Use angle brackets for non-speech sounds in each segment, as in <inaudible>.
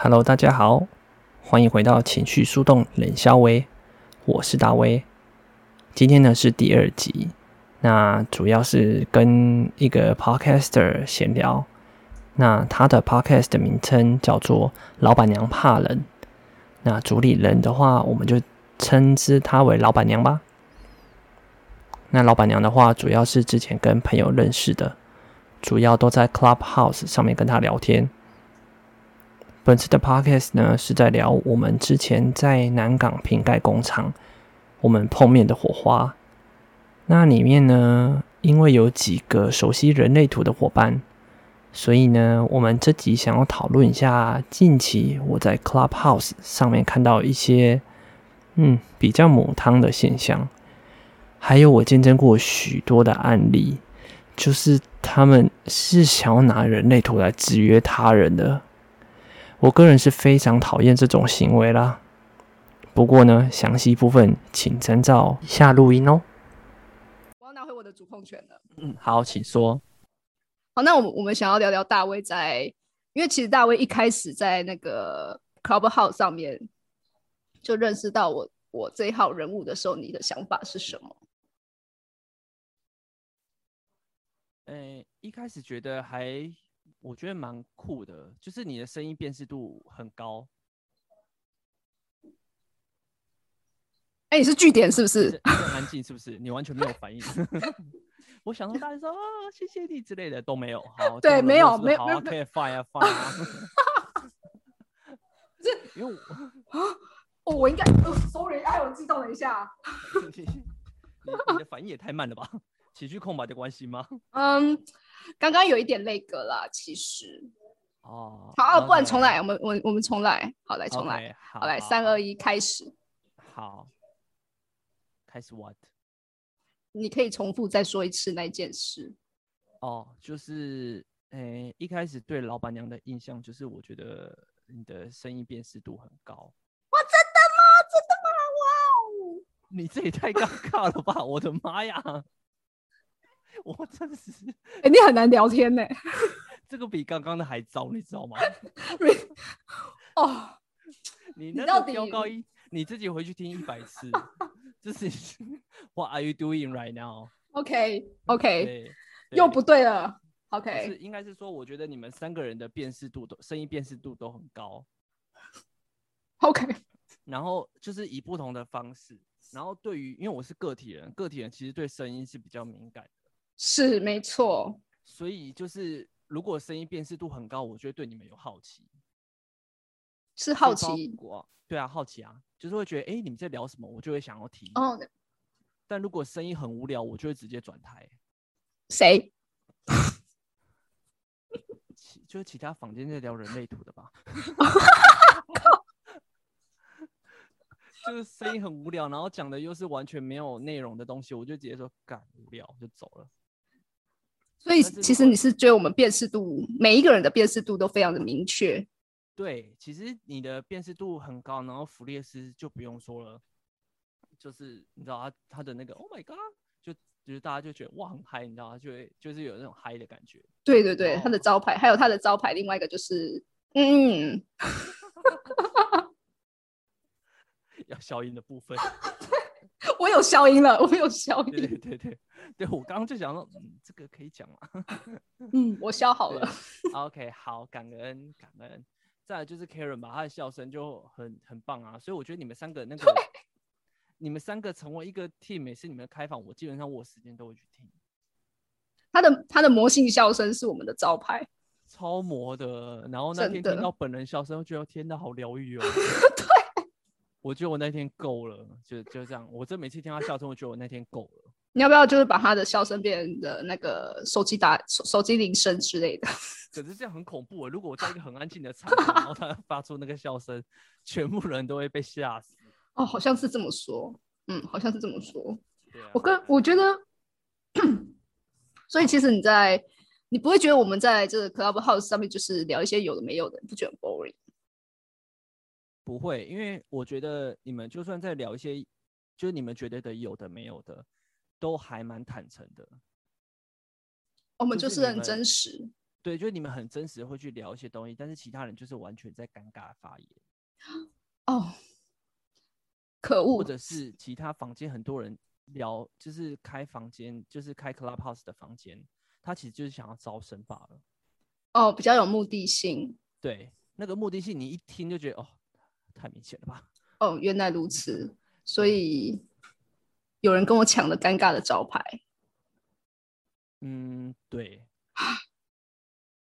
Hello，大家好，歡迎回到情緒樹洞冷笑威，我是大威。今天呢是第二集，那主要是跟一個 podcaster 閒聊。那他的 podcast 的名稱叫做“老闆娘怕冷”。那主理人的話，我們就稱之他為老闆娘吧。那老闆娘的話，主要是之前跟朋友認識的，主要都在 Clubhouse 上面跟他聊天。本次的 podcast 呢是在聊我們之前在南港瓶蓋工廠我們碰面的火花。那裡面呢，因為有幾個熟悉人類圖的夥伴，所以呢，我們這集想要討論一下近期我在 Clubhouse 上面看到一些嗯比較母湯的現象，還有我見證過許多的案例，就是他們是想要拿人類圖來制約他人的。我個人是非常討厭這種行為啦。不過呢，詳細部分請參照以下錄音哦。我要拿回我的主控權了。嗯，好，請說。好，那我們我們想要聊聊大衛在，因為其實大衛一開始在那個 Clubhouse 上面就認識到我我這一號人物的時候，你的想法是什麼？嗯，一開始覺得還。我覺得蠻酷的，就是你的聲音辨識度很高。哎、欸，你是句點是不是？是是很安靜是不是？ <laughs> 你完全沒有反應。 <laughs> <laughs> 我想說大家說啊，謝謝你之類的都沒有。好，對，沒有，是是好、啊、沒，有沒有，可以發呀發。哈哈因為我，我應該、呃、，sorry，哎，我激動了一下。 <laughs> 你， <laughs> 你的反應也太慢了吧？情緒空白的關係嗎？嗯，剛剛有一點那個啦，其實。哦、oh,，好、啊，不然重來，okay. 我們我我們重來，好來重來，okay, 好來三二一，oh. 3, 2, 1, 開始。好，開始。What？你可以重複再說一次那件事。哦、oh,，就是，哎、欸，一開始對老板娘的印象就是，我覺得你的聲音辨識度很高。哇、oh,，真的嗎？真的嗎？哇哦！你這也太尷尬了吧！ <laughs> 我的媽呀！我真是，哎，你很難聊天呢、欸。這個比剛剛的還糟，你知道嗎？哦 <laughs> <laughs> oh,，你到底？飆高音，你自己回去聽一百次。這、 <laughs> 就是 <laughs> What are you doing right now? OK，OK，、okay, okay, 又不對了。OK，是應該是說，我覺得你們三個人的辨識度都聲音辨識度都很高。OK，然後就是以不同的方式，然後對於，因為我是個體人，個體人其實對聲音是比較敏感。是沒錯，所以就是如果聲音辨識度很高，我就會對你們有好奇，是好奇哇、啊？對啊，好奇啊，就是會覺得哎、欸，你們在聊什麼？我就會想要聽。哦、oh.。但如果聲音很無聊，我就會直接轉台。誰？ <laughs> 就是其他房間在聊人類圖的吧？ <laughs> <laughs> <laughs> 就是聲音很無聊，然後講的又是完全沒有內容的東西，我就直接說幹無聊就走了。所以其實你是覺得我們辨識度，每一個人的辨識度都非常的明確。對，其實你的辨識度很高，然後弗列斯就不用說了，就是你知道他他的那個 “Oh my God”，就就是大家就覺得哇很嗨，你知道他就會就是有那種嗨的感覺。對對對，他的招牌，還有他的招牌，另外一個就是嗯， <laughs> <laughs> 要消音的部分。 <laughs> 我有消音了，我有消音。 <laughs> 對，對對對。對，我剛剛就想說，嗯，這個可以講了 <laughs> 嗯，我笑好了。OK，好，感恩感恩。再來就是 Karen 吧，他的笑聲就很很棒啊，所以我覺得你們三個那個，你們三個成為一個 team，每次你們的開房，我基本上我時間都會去聽。他的他的魔性笑聲是我們的招牌，超魔的。然後那天聽到本人笑聲，我覺得天哪，好，喔，好療癒哦。對，我覺得我那天夠了，就就這樣。我這每次聽他笑聲，我覺得我那天夠了。 <laughs> 你要不要就是把他的笑聲變得那個手機打手手機鈴聲之類的？可是這樣很恐怖啊！如果我在一個很安靜的餐廳然後他發出那個笑聲， <laughs> 全部人都會被嚇死。哦，好像是這麼說，嗯，好像是這麼說。嗯啊、我跟我覺得，所以其實你在你不會覺得我們在這個 Clubhouse 上面就是聊一些有的沒有的，不覺得很 boring？不會，因為我覺得你們就算在聊一些，就是你們覺得的有的沒有的。都還蠻坦誠的，我們就是很真實。就是、對，就是你們很真實的會去聊一些東西，但是其他人就是完全在尷尬發言。哦，可惡！或者是其他房間很多人聊，就是開房間，就是開 Clubhouse 的房間，他其實就是想要招生罷了。哦，比較有目的性。對，那個目的性，你一聽就覺得哦，太明顯了吧。哦，原來如此，所以。 <laughs> 有人跟我搶了尷尬的招牌。嗯，對， <laughs>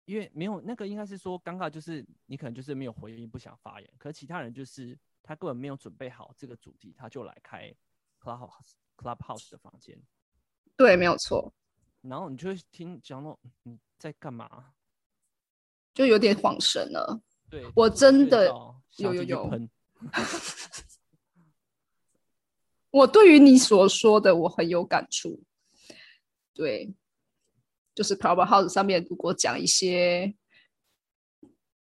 因為沒有那個，應該是說尷尬就是你可能就是沒有回應，不想發言。可是其他人就是他根本沒有準備好這個主題，他就來開 Clubhouse Clubhouse 的房間。對，沒有錯。然後你就會聽講到你在幹嘛？就有點恍神了。對，我真的我有有有。 <laughs> 我對於你所說的，我很有感觸。對，就是 Clubhouse 上面如果講一些，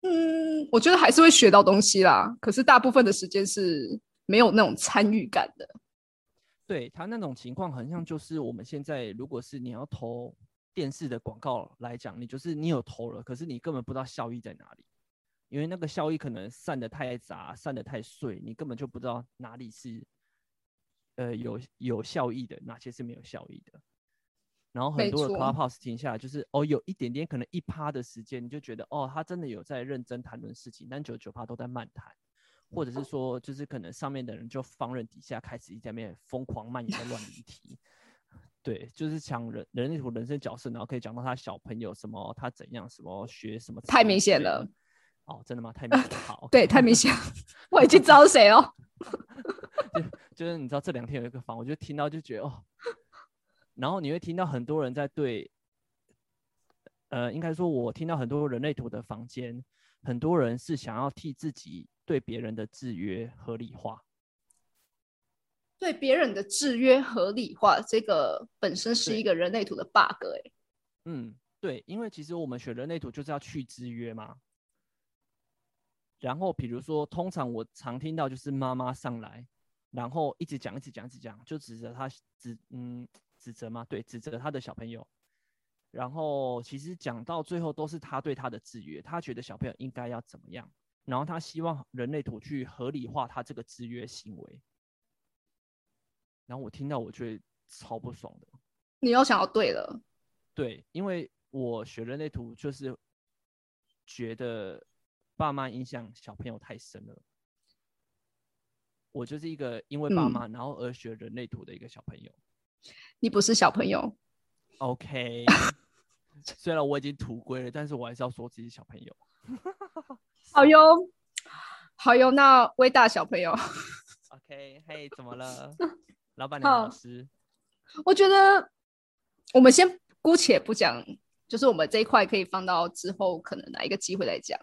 嗯，我覺得還是會學到東西啦。可是大部分的時間是沒有那種參與感的。對，他那種情況很像就是我們現在，如果是你要投電視的廣告來講，你就是你有投了，可是你根本不知道效益在哪裡，因為那個效益可能散的太雜，散的太碎，你根本就不知道哪裡是。呃，有有效益的，哪些是沒有效益的？然後很多的 pause 停下來，就是哦，有一點點可能一趴的時間，你就覺得哦，他真的有在認真談論事情，但九九趴都在漫談，或者是說，就是可能上面的人就放任底下開始一下面瘋狂蔓延的亂離題。 <laughs> 對，就是講人、人類、人人生角色，然後可以講到他小朋友什麼，他怎樣，什麼學什麼，太明顯了。哦，真的嗎？太明顯、呃。好，對，okay. 太明顯。我去招誰哦？ <laughs> <laughs> 就是你知道這兩天有一個房，我就聽到就覺得哦，然後你會聽到很多人在對，呃，應該說我聽到很多人類圖的房間，很多人是想要替自己對別人的制約合理化，對別人的制約合理化，這個本身是一個人類圖的 bug 哎、欸，嗯，對，因為其實我們學人類圖就是要去制約嘛，然後比如說通常我常聽到就是媽媽上來。然後一直講，一直講，一直講，就指責他指嗯指責嘛，對，指責他的小朋友。然後其實講到最後都是他對他的制約，他覺得小朋友應該要怎麼樣，然後他希望人類圖去合理化他這個制約行為。然後我聽到，我覺得超不爽的。你又想要對了？對，因為我學人類圖就是覺得爸媽影響小朋友太深了。我就是一個因為爸媽，然後而學人類圖的一個小朋友。嗯、你不是小朋友。OK， <laughs> 雖然我已經圖歸了，但是我還是要說自己小朋友 <laughs> 好。好喲，好喲，那微大小朋友。OK，嘿、hey,，怎麼了， <laughs> 老板娘老師好？我覺得我們先姑且不講，就是我們這一塊可以放到之後可能哪一個機會來講。